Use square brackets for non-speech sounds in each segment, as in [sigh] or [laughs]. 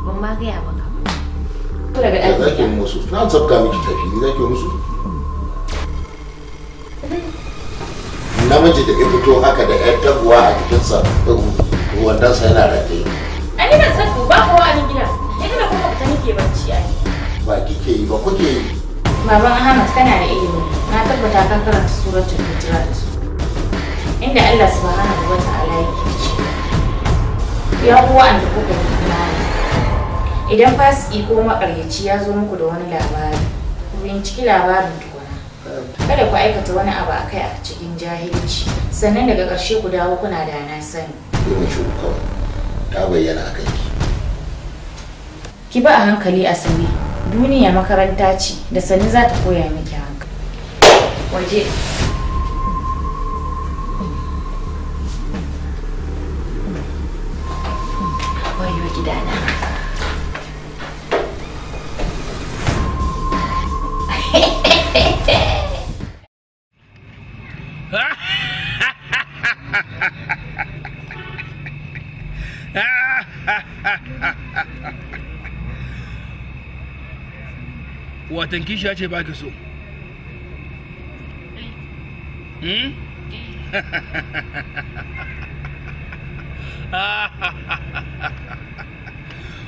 ban ma gaya ka ba daga ɗaki za musu na tsafta miki tafi ni za ki musu namiji da ya fito haka da ƴar taguwa a jikinsa wandonsa yana rataye a ni ban san ba kowa a gida ya gina kuma fita nake barci a ba kike yi ba kuke yi baban ahmad kana da ilimi na tabbata ka karanta suratul hijra da su inda Allah subhanahu wa ta'ala yake ce ya kuwa an da kuka yi idan fasiki ko makaryaci ya zo muku da wani labari ku binciki labarin tukuna kada ku aikata wani abu a kai a cikin jahilci sannan daga ƙarshe ku dawo kuna da na sani domin ta bayyana a kanki ki ba a hankali a sani duniya makaranta ce da sani za ta koya miki hankali waje gidana watan kishiya ce ba ki so hmm?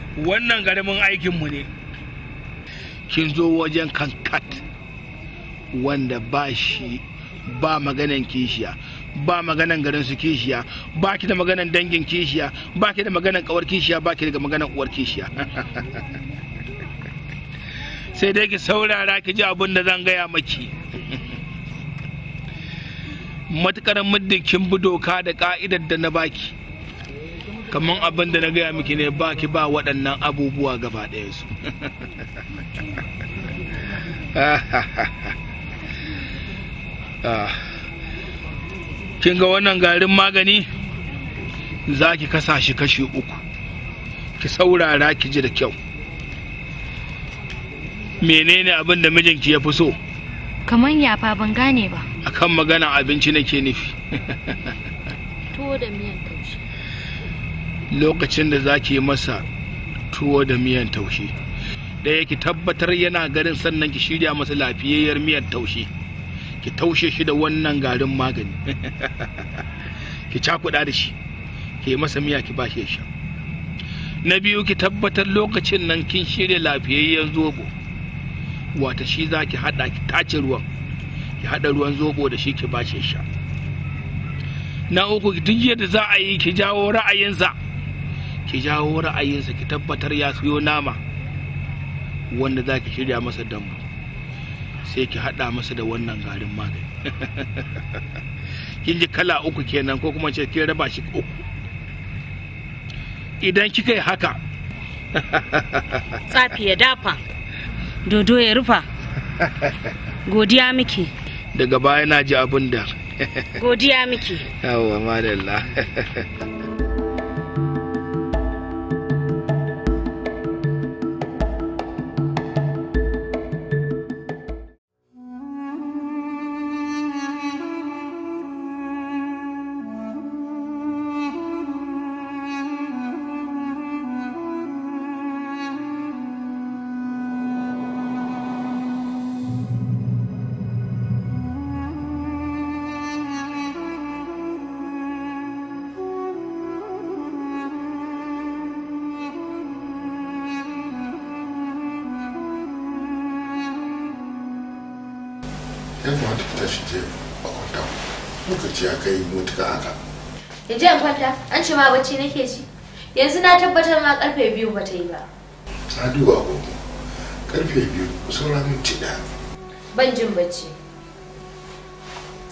[laughs] wannan garimin aikinmu ne kin zo wajen kankat wanda ba shi ba maganan kishiya ba maganan garin su kishiya ba ki da maganan dangin kishiya ba ki da maganan kawar kishiya ba ki da maganan uwar kishiya [laughs] sai dai ki saurara ki ji abin da zan gaya maki matukar muddin kin bi doka da ka'idar da na baki kamar abin da na gaya maki ne baki ba waɗannan abubuwa gaba ɗaya su kin ga wannan garin magani za ki kasa shi kashi uku ki saurara ki ji da kyau menene abin da mijinki ya fi so kamar yafa ban gane ba akan magana abinci nake nufi tuwo da miyan taushe lokacin da za ki masa tuwo da miyan taushe ɗaya ki tabbatar yana garin sannan ki shirya masa lafiyayyar miyan taushe ki taushe shi da wannan garin magani [laughs] ki cakuɗa da shi ki masa miya ki ba shi na biyu ki tabbatar lokacin nan kin shirya lafiyayyen zobo wata shi za ki haɗa ki tace ruwan ki hada ruwan zobo da shi ki bace sha na uku duk yadda za a yi ki jawo ra'ayinsa ki jawo ra'ayinsa ki tabbatar ya siyo nama wanda za ki shirya masa dambu sai ki haɗa masa da wannan garin magani [laughs] kin ji kala uku kenan ko kuma ce ki raba shi uku idan kika yi haka [laughs] tsafi ya dafa dodo ya rufa godiya miki daga baya na ji abin da godiya miki yawwa madalla kamata ta tashi je a kwanta lokaci ya kai mutuka haka ya je in kwanta an ce ma bacci nake ci yanzu na tabbatar ma karfe biyu ba ta yi ba ta duba agogo karfe biyu saura minti ɗaya ban jin bacci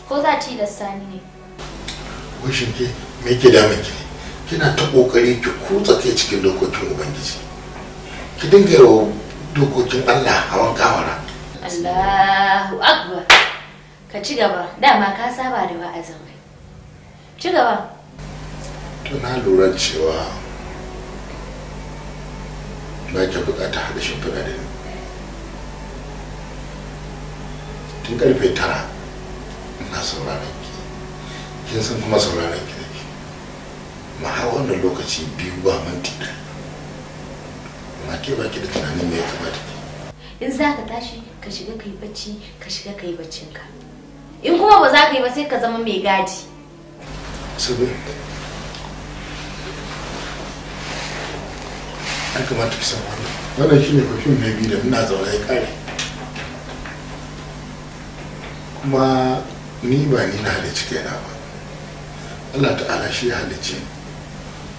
ko za ta yi da sani ne wai ke me ke damun ki kina ta kokari ki kutsa kai cikin dokokin ubangiji ki dinga yawa dokokin allah hawan kawara allahu akbar ka ci gaba dama ka saba da wa'azin kai ci gaba to na lura cewa ba ke bukata haɗa shimfiɗa da ni tun karfe tara na sauraron ki kin san kuma sauraron ki nake ma har wannan lokaci biyu ba minti da ma ke ba ki da tunanin me ya kamata ki in za ka tashi ka shiga ka yi bacci ka shiga ka yi baccinka in kuma ba za ka yi ba sai ka zama mai gadi sabi an kamata ki san wannan wannan shine perfume mai biyu da ina zaune ya kare kuma ni ba ni na halicci na ba Allah ta'ala shi ya halicci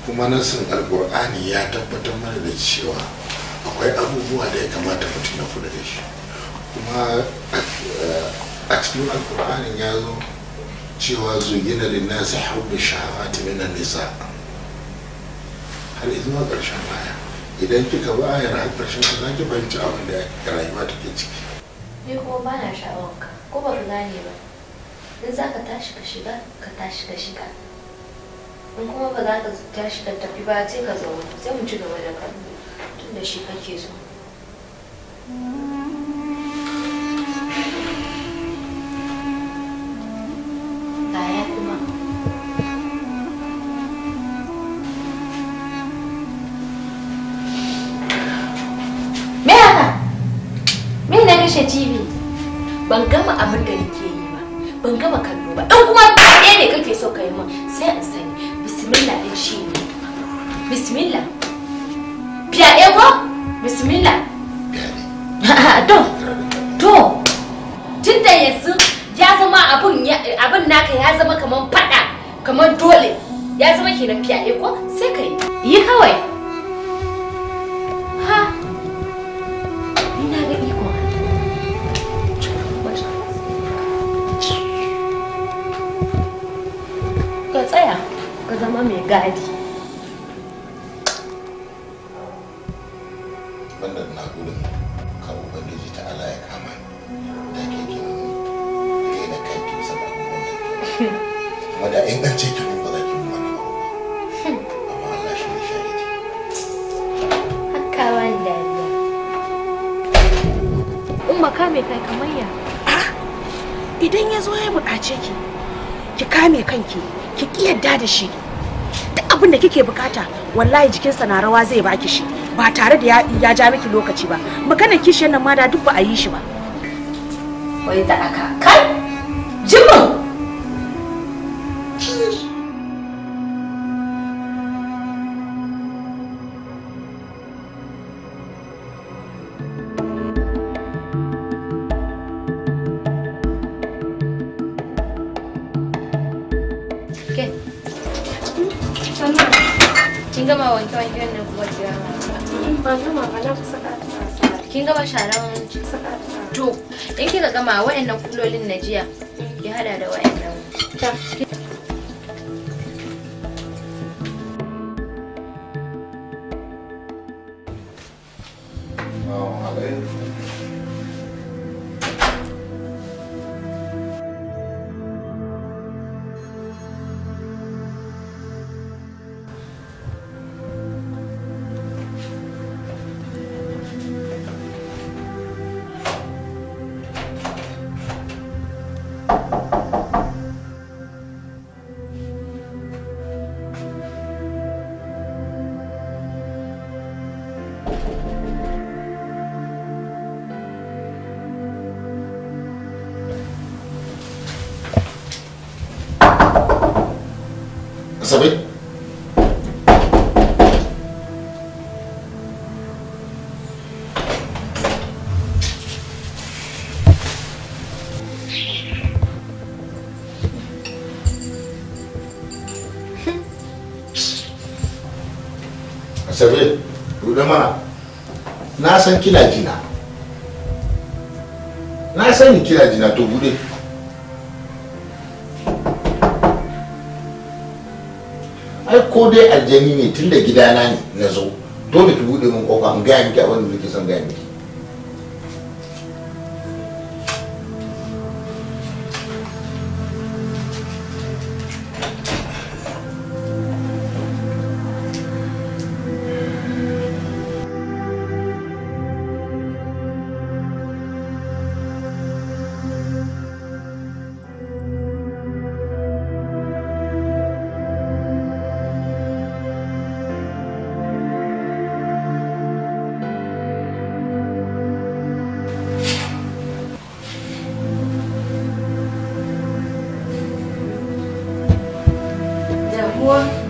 kuma sun alkur'ani ya tabbatar mana da cewa akwai abubuwa da ya kamata mutum ya kula da shi kuma eh, a cikin alkur'anin ya zo cewa zugina linnasi hubbu shahawati minan nisa har izuwa ƙarshen aya idan kika ba ayar har ƙarshen ta zaki fahimci abin da ya rayuwa take ciki ni kuma ba na sha'awanka ko ba ku gane ba in za ka tashi ka shiga ka tashi ka shiga in kuma ba za ka tashi ka tafi ba sai ka zauna sai mu ci gaba da kallo tun da shi kake so kashe TV ban gama abin da nake yi ba ban gama kallo ba dan kuma ba ɗaya ne kake so ka yi min sai in sani bismillah din shi ne bismillah fiyaɗe ko bismillah [laughs] to to tun da yanzu ya zama abun abun naka ya zama kaman fada kaman dole ya zama kenan fiyaɗe ko sai ka yi yi kawai zama mai gadi Wannan na gudun ka ubangiji ta ala ya kama da ke ke da da ke kuma da ba za ki kuma ba amma Allah shi ne shahidi umma ka mai kai ah, idan ya zo ya buƙace ki ki kame kanki ki ƙi yadda da shi abin da kike bukata wallahi jikin sa na rawa zai baki shi ba tare da ya ja miki lokaci ba maganar kishiyar nan ma da duk ba a yi shi ba wai da aka kai jimin Kin gama wanke wanken nan kuma ki gama. Ban gama ba na Kin gama sharan To, in kika gama waɗannan kulolin na jiya, mm. ki hada da waɗannan. Ta. saba'in [laughs] asabe ruɗe mana na san kila jina na san kila jina to buɗe ai ko dai aljani ne tun da gidana ne na zo dole ki buɗe min kofa in gaya miki abin da nake son gaya miki one